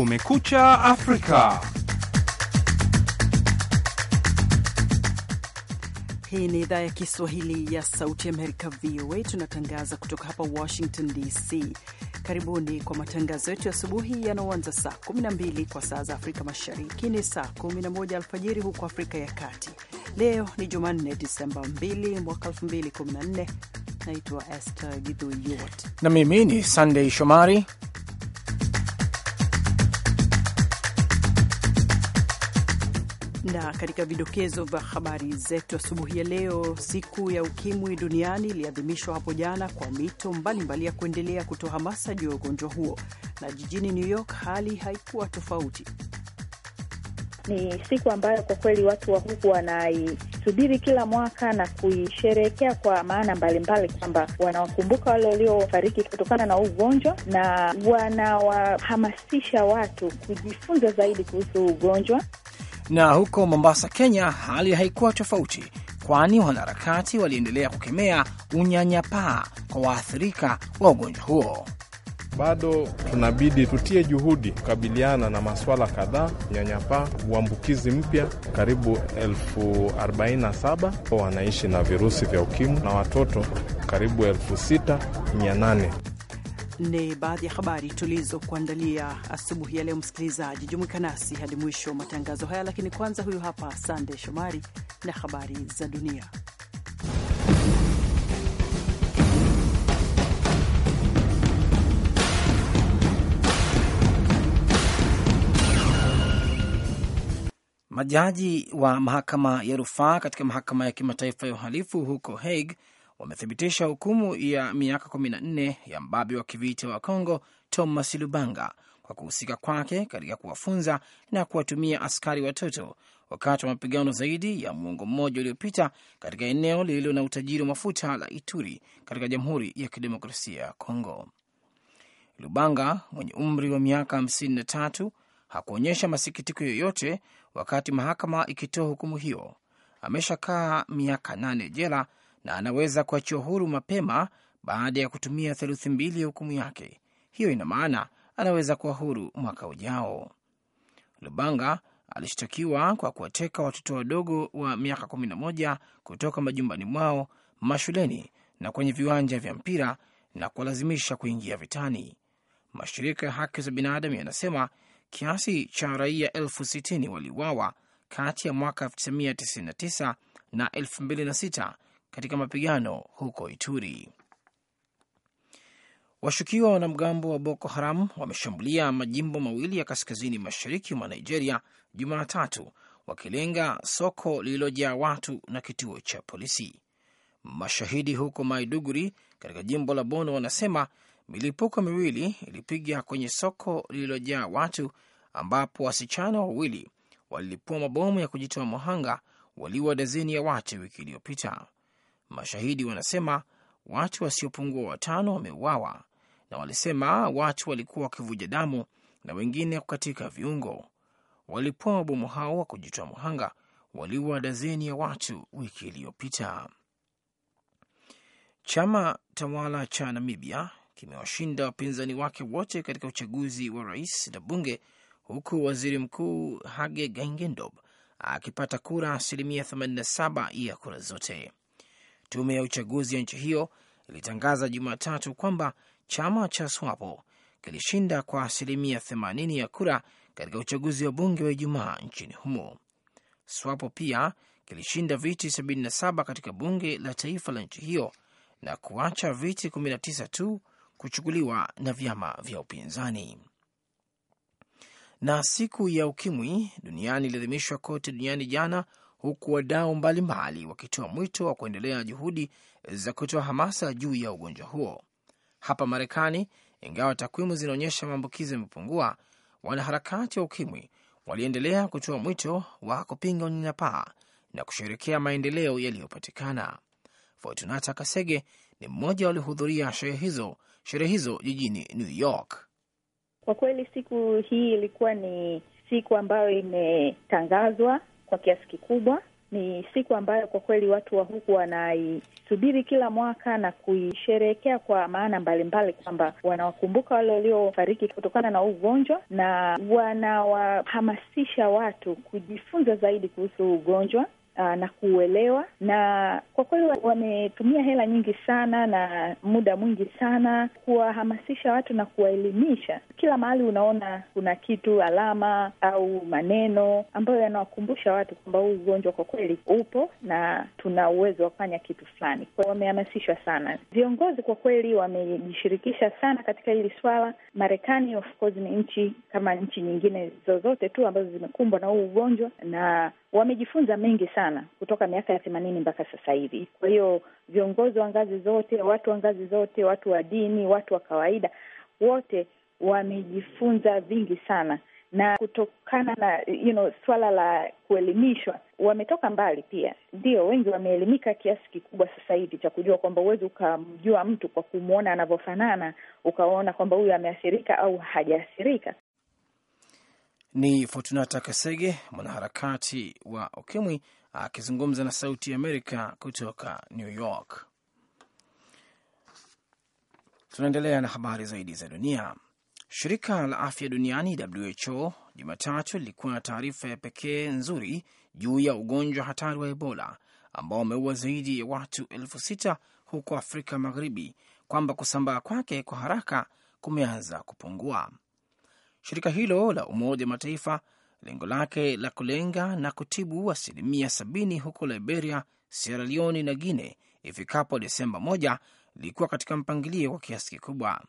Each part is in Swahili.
Kumekucha Afrika. Hii ni idhaa ya Kiswahili ya Sauti Amerika, VOA. Tunatangaza kutoka hapa Washington DC. Karibuni kwa matangazo yetu ya asubuhi yanaoanza saa 12 kwa saa za Afrika Mashariki, ni saa 11 alfajiri huko Afrika ya Kati. Leo ni Jumanne, Disemba 2 mwaka 2014. Naitwa Esther Gidhuyot na mimi ni sandey Shomari Na katika vidokezo vya habari zetu asubuhi ya leo, siku ya ukimwi duniani iliadhimishwa hapo jana kwa mito mbalimbali ya kuendelea kutoa hamasa juu ya ugonjwa huo, na jijini New York hali haikuwa tofauti. Ni siku ambayo kwa kweli watu wa huku wanaisubiri kila mwaka na kuisherehekea kwa maana mbalimbali, kwamba wanawakumbuka wale waliofariki kutokana na ugonjwa na wanawahamasisha watu kujifunza zaidi kuhusu ugonjwa. Na huko Mombasa, Kenya, hali haikuwa tofauti, kwani wanaharakati waliendelea kukemea unyanyapaa kwa waathirika wa ugonjwa huo. Bado tunabidi tutie juhudi kukabiliana na maswala kadhaa: unyanyapaa, uambukizi mpya karibu elfu 47 wanaishi na virusi vya ukimwi na watoto karibu elfu ni baadhi ya habari tulizokuandalia asubuhi ya leo. Msikilizaji, jumuika nasi hadi mwisho wa matangazo haya, lakini kwanza, huyu hapa Sande Shomari na habari za dunia. Majaji wa mahakama ya rufaa katika mahakama ya kimataifa ya uhalifu huko Hague wamethibitisha hukumu ya miaka 14 ya mbabe wa kivita wa congo Thomas Lubanga kwa kuhusika kwake katika kuwafunza na kuwatumia askari watoto wakati wa mapigano zaidi ya muongo mmoja uliopita katika eneo lililo na utajiri wa mafuta la Ituri katika Jamhuri ya Kidemokrasia ya Kongo. Lubanga mwenye umri wa miaka 53 hakuonyesha masikitiko yoyote wakati mahakama ikitoa hukumu hiyo. Ameshakaa miaka nane jela na anaweza kuachiwa huru mapema baada ya kutumia theluthi mbili ya hukumu yake. Hiyo ina maana anaweza kuwa huru mwaka ujao. Lubanga alishtakiwa kwa kuwateka watoto wadogo wa miaka 11 kutoka majumbani mwao, mashuleni na kwenye viwanja vya mpira na kuwalazimisha kuingia vitani. Mashirika ya haki za binadamu yanasema kiasi cha raia elfu sitini waliuawa kati ya mwaka 1999 na 2006 katika mapigano huko Ituri. Washukiwa wanamgambo wa Boko Haram wameshambulia majimbo mawili ya kaskazini mashariki mwa Nigeria Jumatatu, wakilenga soko lililojaa watu na kituo cha polisi. Mashahidi huko Maiduguri katika jimbo la Bono wanasema milipuko miwili ilipiga kwenye soko lililojaa watu, ambapo wasichana wawili walilipua mabomu ya kujitoa muhanga waliwa dazeni ya watu wiki iliyopita. Mashahidi wanasema watu wasiopungua watano wameuawa, na walisema watu walikuwa wakivuja damu na wengine kukatika viungo. Walipoa wabomu hao wa kujitoa muhanga waliua dazeni ya watu wiki iliyopita. Chama tawala cha Namibia kimewashinda wapinzani wake wote katika uchaguzi wa rais na bunge, huku waziri mkuu Hage Geingob akipata kura asilimia 87 ya kura zote. Tume ya uchaguzi ya nchi hiyo ilitangaza Jumatatu kwamba chama cha SWAPO kilishinda kwa asilimia 80 ya kura katika uchaguzi wa bunge wa Ijumaa nchini humo. SWAPO pia kilishinda viti 77 katika bunge la taifa la nchi hiyo na kuacha viti 19 tu kuchukuliwa na vyama vya upinzani. Na siku ya ukimwi duniani iliadhimishwa kote duniani jana, huku wadau mbalimbali wakitoa mwito wa kuendelea juhudi za kutoa hamasa juu ya ugonjwa huo. Hapa Marekani, ingawa takwimu zinaonyesha maambukizi yamepungua, wanaharakati wa ukimwi waliendelea kutoa mwito wa kupinga unyanyapaa na kusherekea maendeleo yaliyopatikana. Fortunata Kasege ni mmoja waliohudhuria sherehe hizo sherehe hizo jijini New York. Kwa kweli siku hii ilikuwa ni siku ambayo imetangazwa kwa kiasi kikubwa. Ni siku ambayo kwa kweli watu wa huku wanaisubiri kila mwaka na kuisherehekea kwa maana mbalimbali, kwamba wanawakumbuka wale waliofariki kutokana na ugonjwa na wanawahamasisha watu kujifunza zaidi kuhusu ugonjwa uh, na kuuelewa, na kwa kweli wametumia hela nyingi sana na muda mwingi sana kuwahamasisha watu na kuwaelimisha. Kila mahali unaona kuna kitu, alama au maneno ambayo yanawakumbusha watu kwamba huu ugonjwa kwa kweli upo na tuna uwezo wa kufanya kitu fulani. Kwa wamehamasishwa sana, viongozi kwa kweli wamejishirikisha sana katika hili swala. Marekani of course ni nchi kama nchi nyingine zozote tu ambazo zimekumbwa na huu ugonjwa na wamejifunza mengi sana kutoka miaka ya themanini mpaka sasa hivi. Kwa hiyo viongozi wa ngazi zote, watu wa ngazi zote, watu wa dini, watu wa kawaida, wote wamejifunza vingi sana na kutokana na you know, swala la kuelimishwa wametoka mbali pia. Ndio wengi wameelimika kiasi kikubwa sasa hivi cha kujua kwamba huwezi ukamjua mtu kwa kumwona anavyofanana ukaona kwamba huyu ameathirika au hajaathirika. Ni Fortunata Kasege, mwanaharakati wa ukimwi akizungumza na Sauti ya Amerika kutoka New York. Tunaendelea na habari zaidi za dunia. Shirika la afya duniani WHO Jumatatu lilikuwa na taarifa ya pekee nzuri juu ya ugonjwa hatari wa Ebola ambao wameua zaidi ya watu elfu sita huko Afrika Magharibi, kwamba kusambaa kwake kwa haraka kumeanza kupungua. Shirika hilo la Umoja wa Mataifa lengo lake la kulenga na kutibu asilimia sabini huko Liberia, Sierra Leone na Guine ifikapo Desemba moja lilikuwa katika mpangilio kwa kiasi kikubwa.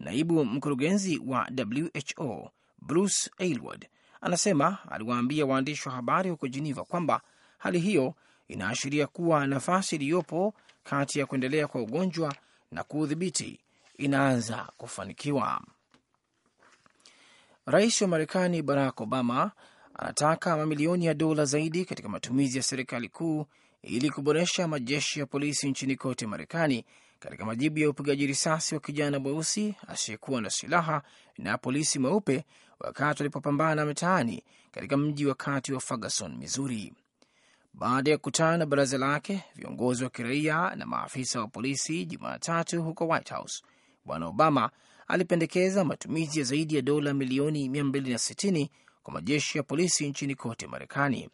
Naibu mkurugenzi wa WHO Bruce Aylward anasema aliwaambia waandishi wa habari huko Geneva kwamba hali hiyo inaashiria kuwa nafasi iliyopo kati ya kuendelea kwa ugonjwa na kuudhibiti inaanza kufanikiwa. Rais wa Marekani Barack Obama anataka mamilioni ya dola zaidi katika matumizi ya serikali kuu ili kuboresha majeshi ya polisi nchini kote Marekani katika majibu ya upigaji risasi wa kijana mweusi asiyekuwa na silaha na polisi mweupe wakati walipopambana mitaani katika mji wakati wa Ferguson, Missouri. Baada ya kukutana na baraza lake, viongozi wa kiraia na maafisa wa polisi Jumatatu huko White House, Bwana Obama alipendekeza matumizi ya zaidi ya dola milioni 260 kwa majeshi ya polisi nchini kote Marekani.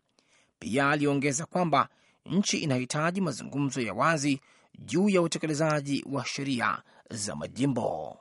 Pia aliongeza kwamba nchi inahitaji mazungumzo ya wazi juu ya utekelezaji wa sheria za majimbo.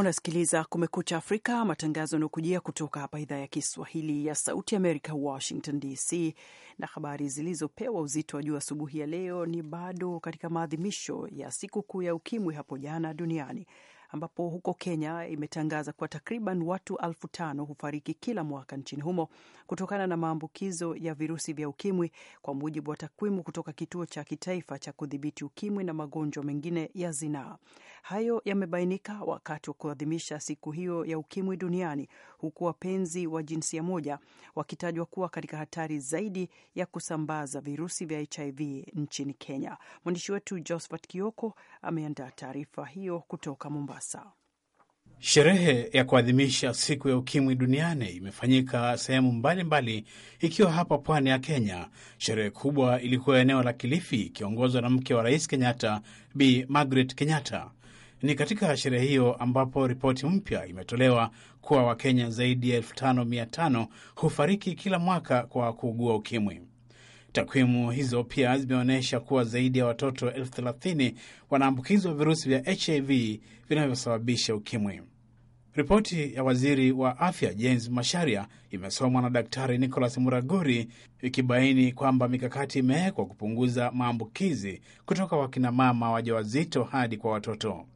Unasikiliza Kumekucha Afrika, matangazo yanaokujia kutoka hapa idhaa ya Kiswahili ya Sauti Amerika, Washington DC. Na habari zilizopewa uzito wa juu asubuhi ya leo ni bado katika maadhimisho ya sikukuu ya Ukimwi hapo jana duniani ambapo huko Kenya imetangaza kuwa takriban watu elfu tano hufariki kila mwaka nchini humo kutokana na maambukizo ya virusi vya ukimwi, kwa mujibu wa takwimu kutoka kituo cha kitaifa cha kudhibiti ukimwi na magonjwa mengine ya zinaa. Hayo yamebainika wakati wa kuadhimisha siku hiyo ya ukimwi duniani, huku wapenzi wa jinsia moja wakitajwa kuwa katika hatari zaidi ya kusambaza virusi vya HIV nchini Kenya. Mwandishi wetu Josphat Kioko ameandaa taarifa hiyo kutoka Mombasa. Mombasa. Sherehe ya kuadhimisha siku ya ukimwi duniani imefanyika sehemu mbalimbali, ikiwa hapa pwani ya Kenya. Sherehe kubwa ilikuwa eneo la Kilifi, ikiongozwa na mke wa Rais Kenyatta, Bi Margaret Kenyatta. Ni katika sherehe hiyo ambapo ripoti mpya imetolewa kuwa Wakenya zaidi ya elfu tano mia tano hufariki kila mwaka kwa kuugua ukimwi. Takwimu hizo pia zimeonyesha kuwa zaidi ya watoto elfu thelathini wanaambukizwa virusi vya HIV vinavyosababisha ukimwi. Ripoti ya waziri wa afya James Masharia imesomwa na Daktari Nicholas Muraguri ikibaini kwamba mikakati imewekwa kupunguza maambukizi kutoka wakinamama wajawazito hadi kwa watoto.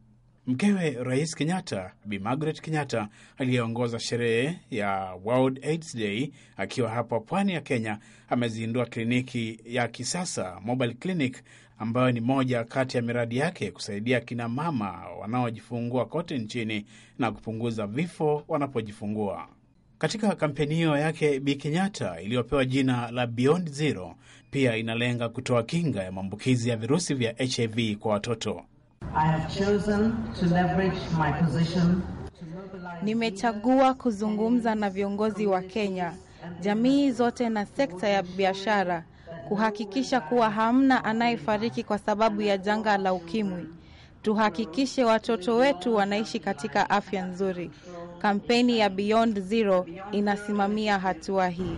Mkewe Rais Kenyatta, Bi Margaret Kenyatta, aliyeongoza sherehe ya World AIDS Day akiwa hapa pwani ya Kenya, amezindua kliniki ya kisasa mobile clinic, ambayo ni moja kati ya miradi yake kusaidia kina mama wanaojifungua kote nchini na kupunguza vifo wanapojifungua. Katika kampeni hiyo yake, Bi Kenyatta iliyopewa jina la Beyond Zero pia inalenga kutoa kinga ya maambukizi ya virusi vya HIV kwa watoto. Nimechagua kuzungumza na viongozi wa Kenya, jamii zote na sekta ya biashara kuhakikisha kuwa hamna anayefariki kwa sababu ya janga la ukimwi. Tuhakikishe watoto wetu wanaishi katika afya nzuri. Kampeni ya Beyond Zero inasimamia hatua hii.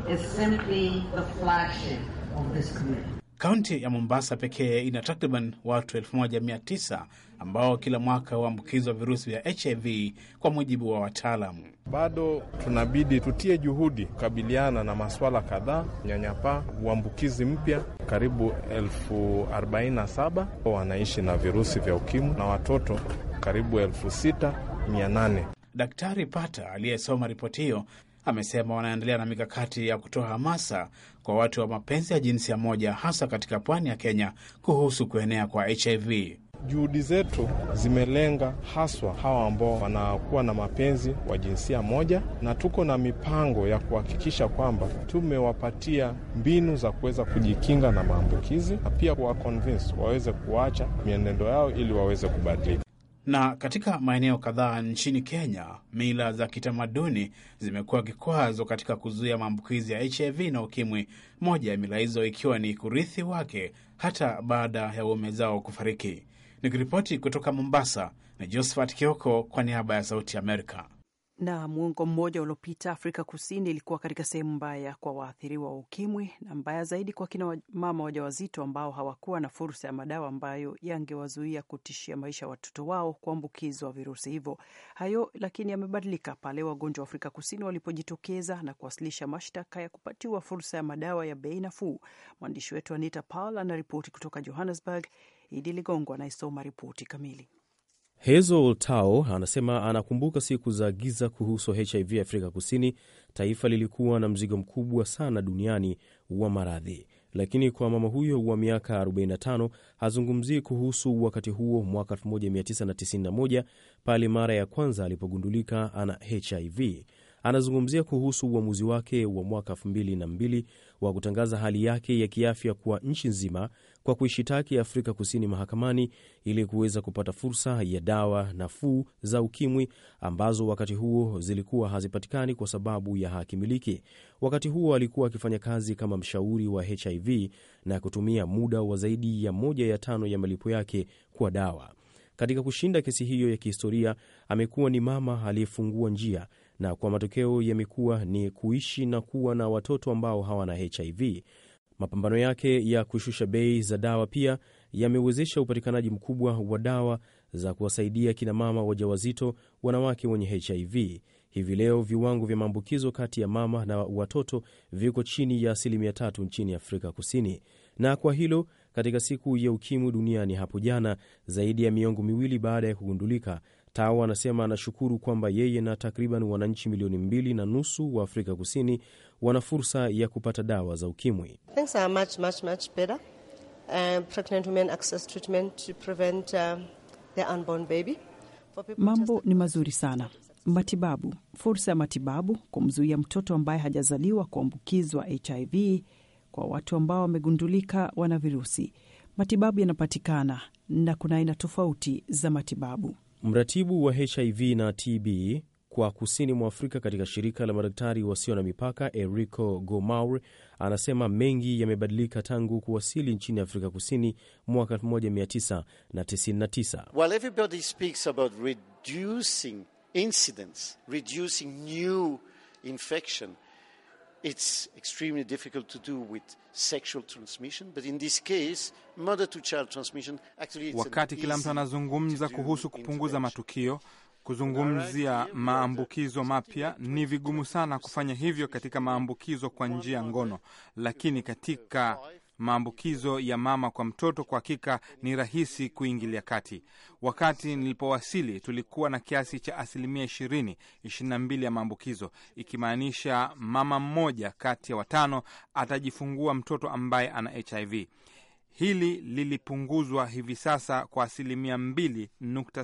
Kaunti ya Mombasa pekee ina takriban watu 1900 ambao kila mwaka huambukizwa virusi vya HIV kwa mujibu wa wataalamu. Bado tunabidi tutie juhudi kukabiliana na maswala kadhaa: nyanyapaa, uambukizi mpya. Karibu 47 wanaishi na virusi vya ukimwi na watoto karibu 68 Daktari Pata aliyesoma ripoti hiyo amesema wanaendelea na mikakati ya kutoa hamasa kwa watu wa mapenzi ya jinsia moja hasa katika pwani ya Kenya kuhusu kuenea kwa HIV. Juhudi zetu zimelenga haswa hawa ambao wanakuwa na mapenzi wa jinsia moja, na tuko na mipango ya kuhakikisha kwamba tumewapatia mbinu za kuweza kujikinga na maambukizi na pia kuwaconvince waweze kuacha mienendo yao ili waweze kubadilika na katika maeneo kadhaa nchini Kenya, mila za kitamaduni zimekuwa kikwazo katika kuzuia maambukizi ya HIV na ukimwi, moja ya mila hizo ikiwa ni kurithi wake hata baada ya uume zao kufariki. Nikiripoti kutoka Mombasa ni Josephat Kioko kwa niaba ya Sauti Amerika. Na muongo mmoja uliopita Afrika Kusini ilikuwa katika sehemu mbaya kwa waathiriwa wa ukimwi na mbaya zaidi kwa kina mama wajawazito ambao hawakuwa na fursa ya madawa ambayo yangewazuia kutishia maisha ya watoto wao kuambukizwa virusi hivyo. Hayo lakini yamebadilika pale wagonjwa wa Afrika Kusini walipojitokeza na kuwasilisha mashtaka ya kupatiwa fursa ya madawa ya bei nafuu. Mwandishi wetu Anita Paul anaripoti kutoka Johannesburg. Idi Ligongo anaisoma ripoti kamili. Hazel Tao anasema anakumbuka siku za giza kuhusu HIV Afrika Kusini. Taifa lilikuwa na mzigo mkubwa sana duniani wa maradhi, lakini kwa mama huyo wa miaka 45 hazungumzii kuhusu wakati huo mwaka 1991 pale mara ya kwanza alipogundulika ana HIV. Anazungumzia kuhusu uamuzi wake wa mwaka 2002 wa kutangaza hali yake ya kiafya kwa nchi nzima kwa kuishitaki Afrika Kusini mahakamani ili kuweza kupata fursa ya dawa nafuu za ukimwi ambazo wakati huo zilikuwa hazipatikani kwa sababu ya hakimiliki. Wakati huo alikuwa akifanya kazi kama mshauri wa HIV na kutumia muda wa zaidi ya moja ya tano ya malipo yake kwa dawa. Katika kushinda kesi hiyo ya kihistoria, amekuwa ni mama aliyefungua njia na kwa matokeo yamekuwa ni kuishi na kuwa na watoto ambao hawana HIV. Mapambano yake ya kushusha bei za dawa pia yamewezesha upatikanaji mkubwa wa dawa za kuwasaidia kinamama wajawazito, wanawake wenye HIV. Hivi leo viwango vya maambukizo kati ya mama na watoto viko chini ya asilimia tatu nchini Afrika Kusini. Na kwa hilo, katika siku ya ukimwi duniani hapo jana, zaidi ya miongo miwili baada ya kugundulika, Tao anasema anashukuru kwamba yeye na takriban wananchi milioni mbili na nusu wa Afrika Kusini wana fursa ya kupata dawa za ukimwi. Um, uh, Mambo ni mazuri sana. Matibabu, fursa ya matibabu kumzuia mtoto ambaye hajazaliwa kuambukizwa HIV kwa watu ambao wamegundulika wana virusi. Matibabu yanapatikana na kuna aina tofauti za matibabu. Mratibu wa HIV na TB kwa kusini mwa Afrika katika shirika la madaktari wasio na mipaka Erico Gomaur anasema mengi yamebadilika tangu kuwasili nchini Afrika Kusini mwaka 1999. While everybody speaks about reducing incidence, reducing new infection It's extremely difficult to do with sexual transmission, but in this case, mother to child transmission actually it's Wakati kila mtu anazungumza kuhusu kupunguza matukio kuzungumzia maambukizo mapya ni vigumu sana kufanya hivyo katika maambukizo kwa njia ya ngono, lakini katika maambukizo ya mama kwa mtoto kwa hakika ni rahisi kuingilia kati. Wakati nilipowasili tulikuwa na kiasi cha asilimia ishirini na mbili ya maambukizo, ikimaanisha mama mmoja kati ya watano atajifungua mtoto ambaye ana HIV. Hili lilipunguzwa hivi sasa kwa asilimia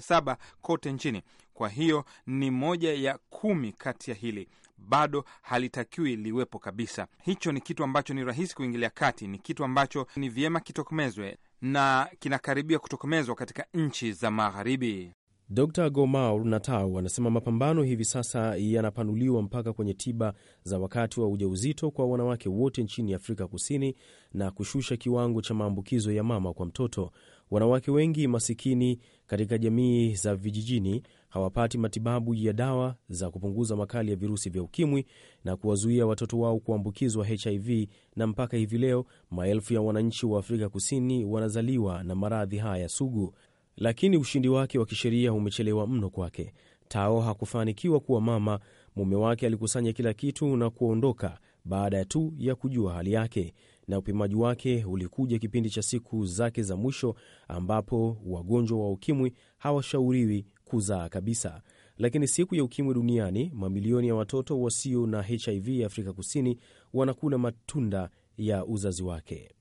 saba kote nchini. Kwa hiyo ni moja ya kumi kati ya hili bado halitakiwi liwepo kabisa. Hicho ni kitu ambacho ni rahisi kuingilia kati, ni kitu ambacho ni vyema kitokomezwe na kinakaribia kutokomezwa katika nchi za Magharibi. Dr Gomau Natau anasema mapambano hivi sasa yanapanuliwa mpaka kwenye tiba za wakati wa ujauzito kwa wanawake wote nchini Afrika Kusini na kushusha kiwango cha maambukizo ya mama kwa mtoto. Wanawake wengi masikini katika jamii za vijijini hawapati matibabu ya dawa za kupunguza makali ya virusi vya ukimwi na kuwazuia watoto wao kuambukizwa HIV, na mpaka hivi leo maelfu ya wananchi wa Afrika Kusini wanazaliwa na maradhi haya sugu. Lakini ushindi wake wa kisheria umechelewa mno kwake. Tao hakufanikiwa kuwa mama. Mume wake alikusanya kila kitu na kuondoka baada tu ya kujua hali yake na upimaji wake ulikuja kipindi cha siku zake za mwisho ambapo wagonjwa wa ukimwi hawashauriwi kuzaa kabisa. Lakini siku ya ukimwi duniani, mamilioni ya watoto wasio na HIV Afrika Kusini wanakula matunda ya uzazi wake.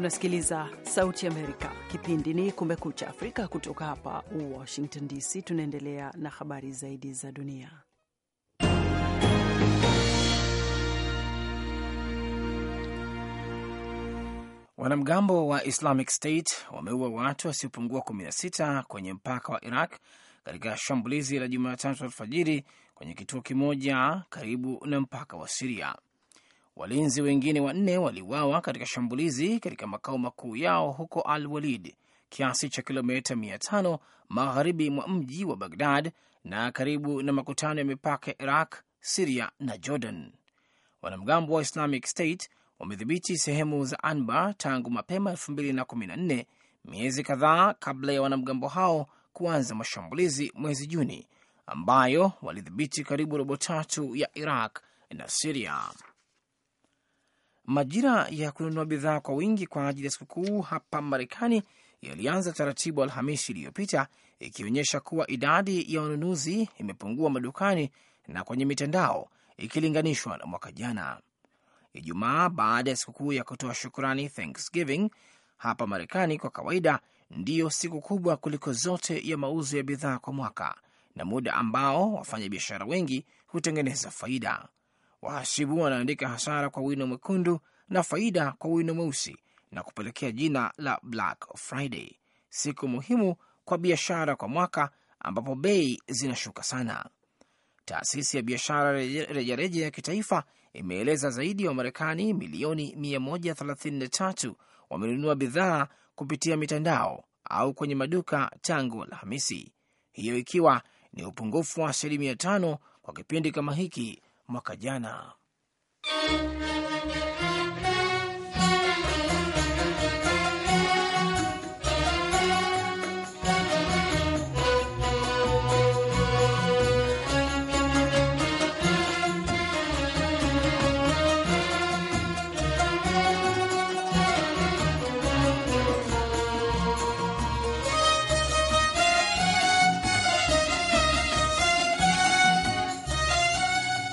unasikiliza Sauti Amerika. Kipindi ni Kumekucha Afrika kutoka hapa Washington DC. Tunaendelea na habari zaidi za dunia. Wanamgambo wa Islamic State wameua watu wasiopungua 16 kwenye mpaka wa Iraq katika shambulizi la Jumatatu alfajiri kwenye kituo kimoja karibu na mpaka wa Siria. Walinzi wengine wanne waliuawa katika shambulizi katika makao makuu yao huko Al Walid, kiasi cha kilomita 500 magharibi mwa mji wa Bagdad na karibu na makutano ya mipaka ya Iraq, Siria na Jordan. Wanamgambo wa Islamic State wamedhibiti sehemu za Anbar tangu mapema 2014, miezi kadhaa kabla ya wanamgambo hao kuanza mashambulizi mwezi Juni, ambayo walidhibiti karibu robo tatu ya Iraq na Siria. Majira ya kununua bidhaa kwa wingi kwa ajili ya sikukuu hapa Marekani yalianza taratibu Alhamisi iliyopita ikionyesha kuwa idadi ya wanunuzi imepungua madukani na kwenye mitandao ikilinganishwa na mwaka jana. Ijumaa, baada ya sikukuu ya kutoa shukrani Thanksgiving, hapa Marekani kwa kawaida ndiyo siku kubwa kuliko zote ya mauzo ya bidhaa kwa mwaka na muda ambao wafanyabiashara wengi hutengeneza faida wahasibu wanaandika hasara kwa wino mwekundu na faida kwa wino mweusi na kupelekea jina la Black Friday, siku muhimu kwa biashara kwa mwaka ambapo bei zinashuka sana. Taasisi ya biashara rejareja ya kitaifa imeeleza zaidi ya wa Wamarekani milioni 133 wamenunua bidhaa kupitia mitandao au kwenye maduka tangu Alhamisi, hiyo ikiwa ni upungufu wa asilimia tano kwa kipindi kama hiki mwaka jana.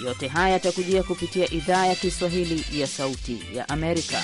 Yote haya yatakujia kupitia idhaa ya Kiswahili ya Sauti ya Amerika.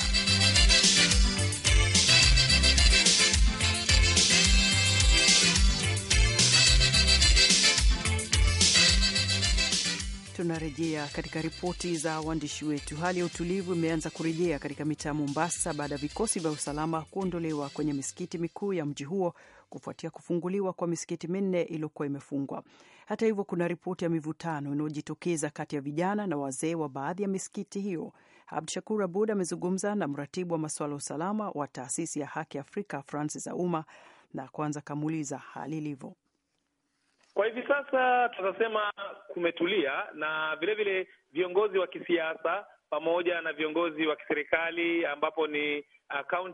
Tunarejea katika ripoti za waandishi wetu. Hali ya utulivu imeanza kurejea katika mitaa Mombasa baada ya vikosi vya usalama kuondolewa kwenye misikiti mikuu ya mji huo kufuatia kufunguliwa kwa misikiti minne iliyokuwa imefungwa. Hata hivyo, kuna ripoti ya mivutano inayojitokeza kati ya vijana na wazee wa baadhi ya misikiti hiyo. abdushakur Shakur Abud amezungumza na mratibu wa masuala ya usalama wa taasisi ya Haki Afrika Francis Auma na kwanza kamuuliza hali ilivyo. Kwa hivi sasa tunasema kumetulia, na vilevile viongozi wa kisiasa pamoja na viongozi wa kiserikali ambapo ni uh,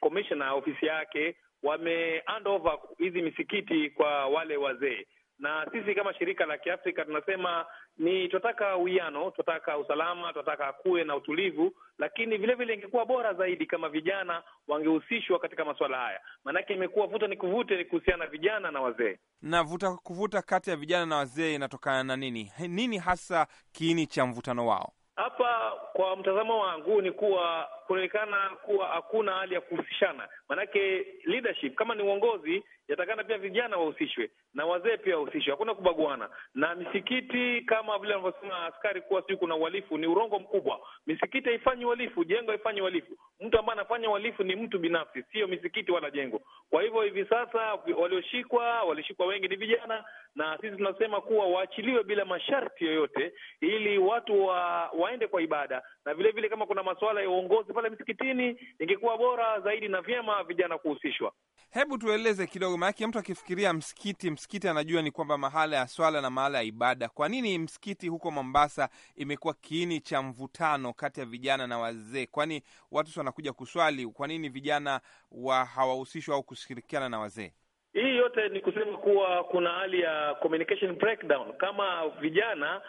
commissioner ofisi yake wame hand over hizi misikiti kwa wale wazee, na sisi kama shirika la Kiafrika tunasema ni tunataka uwiano, tunataka usalama, tunataka kuwe na utulivu, lakini vile vile ingekuwa bora zaidi kama vijana wangehusishwa katika masuala haya, maanake imekuwa vuta ni kuvute kuhusiana na vijana na wazee. Na vuta kuvuta kati ya vijana na wazee inatokana na nini? Nini hasa kiini cha mvutano wao? Hapa kwa mtazamo wangu ni kuwa kunaonekana kuwa hakuna hali ya kuhusishana, maanake leadership kama ni uongozi, yatakana pia vijana wahusishwe na wazee pia wahusishwe, hakuna kubaguana. Na misikiti kama vile anavyosema askari kuwa sijui kuna uhalifu, ni urongo mkubwa. Misikiti haifanyi uhalifu, jengo haifanyi uhalifu. Mtu ambaye anafanya uhalifu ni mtu binafsi, sio misikiti wala jengo. Kwa hivyo hivi sasa walioshikwa, walishikwa wengi ni vijana, na sisi tunasema kuwa waachiliwe bila masharti yoyote, ili watu wa waende kwa ibada, na vile vile kama kuna masuala ya uongozi pale misikitini, ingekuwa bora zaidi na vyema vijana kuhusishwa. Hebu tueleze kidogo, maanake mtu akifikiria msikiti, msikiti anajua ni kwamba mahala ya swala na mahala ya ibada. Kwa nini msikiti huko Mombasa imekuwa kiini cha mvutano kati ya vijana na wazee? Kwani watu wanakuja kuswali, kwa nini vijana wa hawahusishwa au kushirikiana na wazee? Hii yote ni kusema kuwa kuna hali ya communication breakdown kama vijana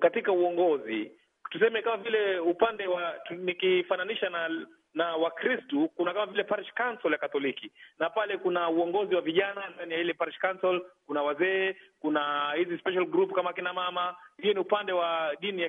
katika uongozi tuseme kama vile upande wa nikifananisha na na Wakristu kuna kama vile parish council ya Katoliki, na pale kuna uongozi wa vijana ndani ya ile parish council, kuna wazee, kuna hizi special group kama kina mama. Hiyo ni upande wa dini ya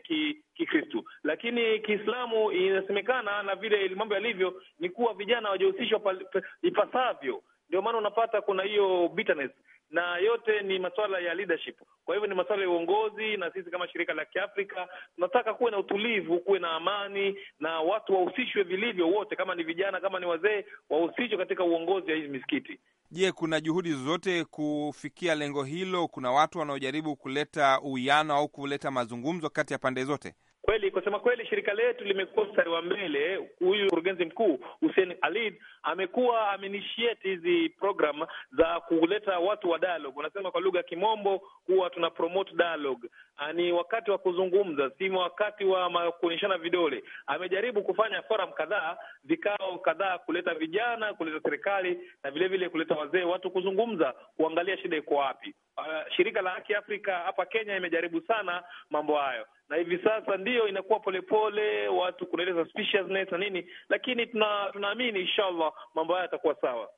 Kikristu ki, lakini Kiislamu inasemekana na vile mambo yalivyo ni kuwa vijana wajihusishwa ipasavyo. Ndio maana unapata kuna hiyo bitterness na yote ni masuala ya leadership. Kwa hivyo ni masuala ya uongozi, na sisi kama shirika la Kiafrika tunataka kuwe na utulivu, kuwe na amani, na watu wahusishwe vilivyo wote, kama ni vijana, kama ni wazee, wahusishwe katika uongozi wa hizi misikiti. Je, kuna juhudi zozote kufikia lengo hilo? Kuna watu wanaojaribu kuleta uwiano au kuleta mazungumzo kati ya pande zote? Kweli, kusema kweli, shirika letu limekuwa mstari wa mbele. Huyu mkurugenzi mkuu Hussein Alid amekuwa ameinitiate hizi program za kuleta watu wa dialogue, unasema kwa lugha ya Kimombo kuwa tuna promote dialogue. Ah, ni wakati wa kuzungumza, si wakati wa kuonyeshana vidole. Amejaribu kufanya forum kadhaa, vikao kadhaa, kuleta vijana, kuleta serikali na vile vile kuleta wazee, watu kuzungumza, kuangalia shida iko wapi. Uh, shirika la Haki Afrika hapa Kenya imejaribu sana mambo hayo na hivi sasa ndiyo inakuwa polepole pole, watu kuna ile suspiciousness na nini, lakini tuna, tunaamini inshallah mambo haya yatakuwa sawa.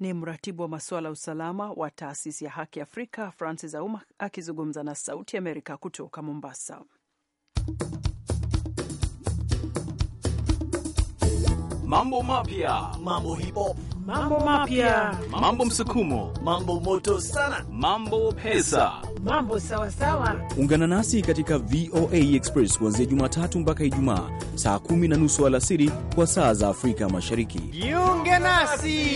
Ni mratibu wa masuala ya usalama wa taasisi ya Haki Afrika Francis Auma akizungumza na Sauti Amerika kutoka Mombasa. Mambo mapya, mambo hip hop mambo mapya, mambo msukumo, mambo moto sana, mambo pesa, mambo sawasawa. Ungana nasi katika VOA Express kuanzia Jumatatu mpaka Ijumaa saa kumi na nusu alasiri kwa saa za Afrika Mashariki. Jiunge nasi.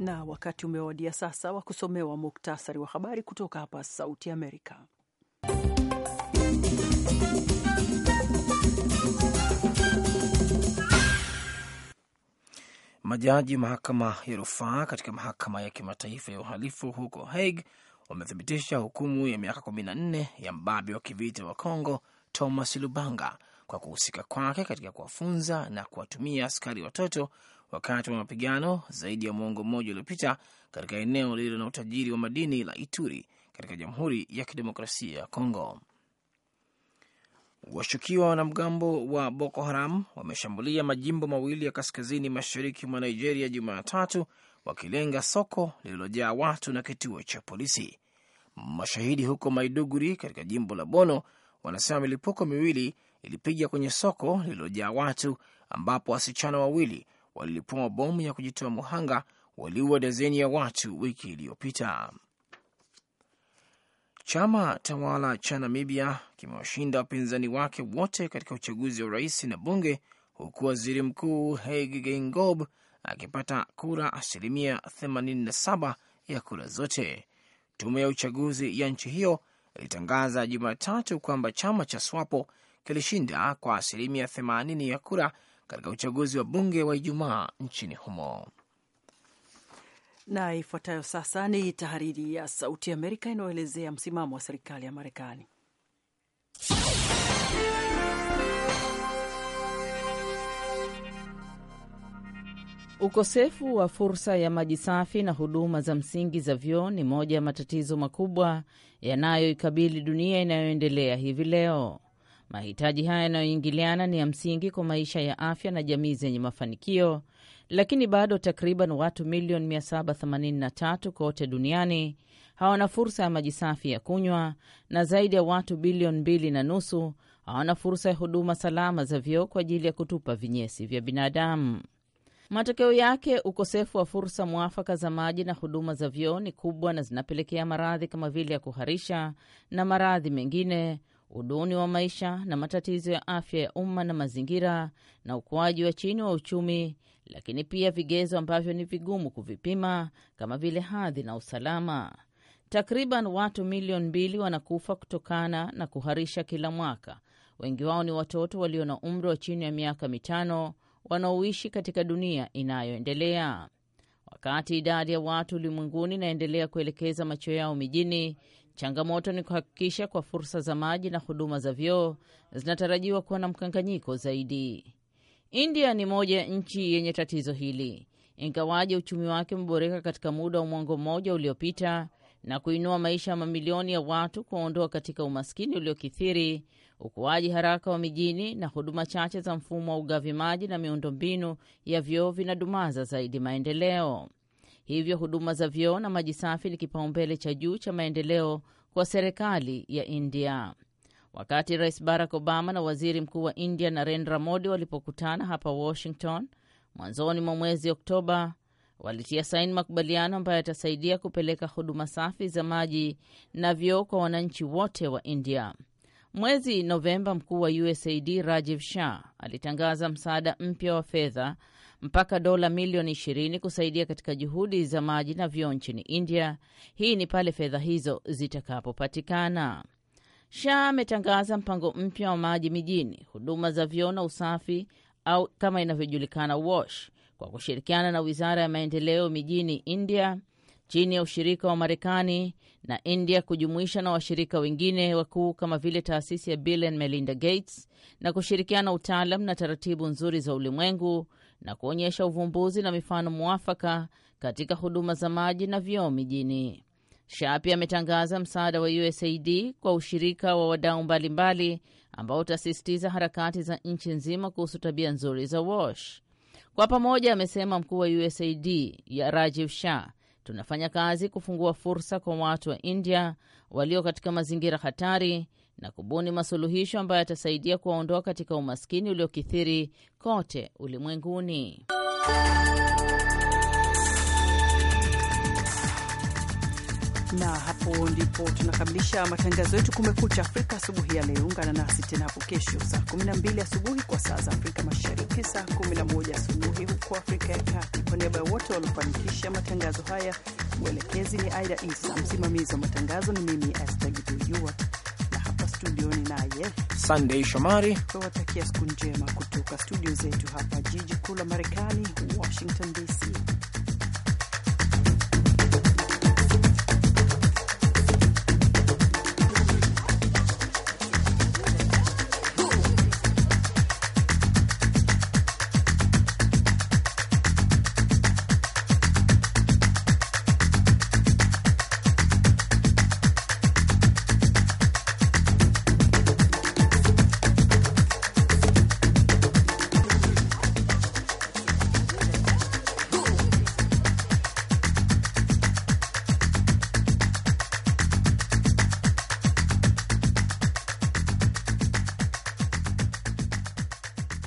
na wakati umewadia sasa wa kusomewa muktasari wa habari kutoka hapa Sauti Amerika. Majaji mahakama ya rufaa katika mahakama ya kimataifa ya uhalifu huko Hague wamethibitisha hukumu ya miaka kumi na nne ya mbabe wa kivita wa Congo Thomas Lubanga kwa kuhusika kwake katika kuwafunza na kuwatumia askari watoto wakati wa mapigano zaidi ya mwongo mmoja uliopita katika eneo lililo na utajiri wa madini la Ituri katika Jamhuri ya Kidemokrasia ya Kongo. Washukiwa wanamgambo wa Boko Haram wameshambulia majimbo mawili ya kaskazini mashariki mwa Nigeria Jumatatu, wakilenga soko lililojaa watu na kituo cha polisi. Mashahidi huko Maiduguri katika jimbo la Bono wanasema milipuko miwili ilipiga kwenye soko lililojaa watu, ambapo wasichana wawili walilipua mabomu ya kujitoa muhanga waliua dazeni ya watu wiki iliyopita. Chama tawala cha Namibia kimewashinda wapinzani wake wote katika uchaguzi wa urais na bunge, huku waziri mkuu Hage Geingob akipata kura asilimia 87 ya kura zote. Tume ya uchaguzi ya nchi hiyo ilitangaza Jumatatu kwamba chama cha SWAPO kilishinda kwa asilimia 80 ya kura katika uchaguzi wa bunge wa Ijumaa nchini humo. Na ifuatayo sasa ni tahariri ya Sauti Amerika inayoelezea msimamo wa serikali ya Marekani. Ukosefu wa fursa ya maji safi na huduma za msingi za vyoo ni moja ya matatizo makubwa yanayoikabili dunia inayoendelea hivi leo. Mahitaji haya yanayoingiliana ni ya msingi kwa maisha ya afya na jamii zenye mafanikio lakini bado takriban watu milioni 783 kote duniani hawana fursa ya maji safi ya kunywa na zaidi ya watu bilioni mbili na nusu hawana fursa ya huduma salama za vyoo kwa ajili ya kutupa vinyesi vya binadamu. Matokeo yake, ukosefu wa fursa mwafaka za maji na huduma za vyoo ni kubwa na zinapelekea maradhi kama vile ya kuharisha na maradhi mengine, uduni wa maisha na matatizo ya afya ya umma na mazingira, na ukuaji wa chini wa uchumi lakini pia vigezo ambavyo ni vigumu kuvipima kama vile hadhi na usalama. Takriban watu milioni mbili wanakufa kutokana na kuharisha kila mwaka. Wengi wao ni watoto walio na umri wa chini ya miaka mitano wanaoishi katika dunia inayoendelea. Wakati idadi ya watu ulimwenguni inaendelea kuelekeza macho yao mijini, changamoto ni kuhakikisha kwa fursa za maji na huduma za vyoo zinatarajiwa kuwa na mkanganyiko zaidi. India ni moja ya nchi yenye tatizo hili, ingawaje uchumi wake umeboreka katika muda wa mwongo mmoja uliopita na kuinua maisha ya mamilioni ya watu, kuondoa katika umaskini uliokithiri, ukuaji haraka wa mijini na huduma chache za mfumo wa ugavi maji na miundombinu ya vyoo vinadumaza zaidi maendeleo. Hivyo huduma za vyoo na maji safi ni kipaumbele cha juu cha maendeleo kwa serikali ya India. Wakati Rais Barack Obama na Waziri Mkuu wa India Narendra Modi walipokutana hapa Washington mwanzoni mwa mwezi Oktoba, walitia saini makubaliano ambayo yatasaidia kupeleka huduma safi za maji na vyoo kwa wananchi wote wa India. Mwezi Novemba, mkuu wa USAID Rajiv Shah alitangaza msaada mpya wa fedha mpaka dola milioni 20 kusaidia katika juhudi za maji na vyoo nchini India. Hii ni pale fedha hizo zitakapopatikana. Sha ametangaza mpango mpya wa maji mijini, huduma za vyoo na usafi au kama inavyojulikana WASH, kwa kushirikiana na wizara ya maendeleo mijini India chini ya ushirika wa Marekani na India kujumuisha na washirika wengine wakuu kama vile taasisi ya Bill and Melinda Gates na kushirikiana utaalam na taratibu nzuri za ulimwengu na kuonyesha uvumbuzi na mifano mwafaka katika huduma za maji na vyoo mijini sha pia ametangaza msaada wa USAID kwa ushirika wa wadau mbalimbali ambao utasisitiza harakati za nchi nzima kuhusu tabia nzuri za WASH. Kwa pamoja, amesema mkuu wa USAID ya Rajiv Shah, tunafanya kazi kufungua fursa kwa watu wa India walio katika mazingira hatari na kubuni masuluhisho ambayo yatasaidia kuwaondoa katika umaskini uliokithiri kote ulimwenguni. na hapo ndipo tunakamilisha matangazo yetu Kumekucha Afrika asubuhi ya leo. Ungana nasi tena hapo kesho saa 12 asubuhi kwa saa za Afrika Mashariki, saa 11 asubuhi huko Afrika ya Kati. Kwa niaba ya wote waliofanikisha matangazo haya, mwelekezi ni Aida Isa, msimamizi wa matangazo ni mimi Astagiduyuat, na hapa studioni naye Sandei Shomari. Tunawatakia siku njema kutoka studio zetu hapa jiji kuu la Marekani, Washington DC.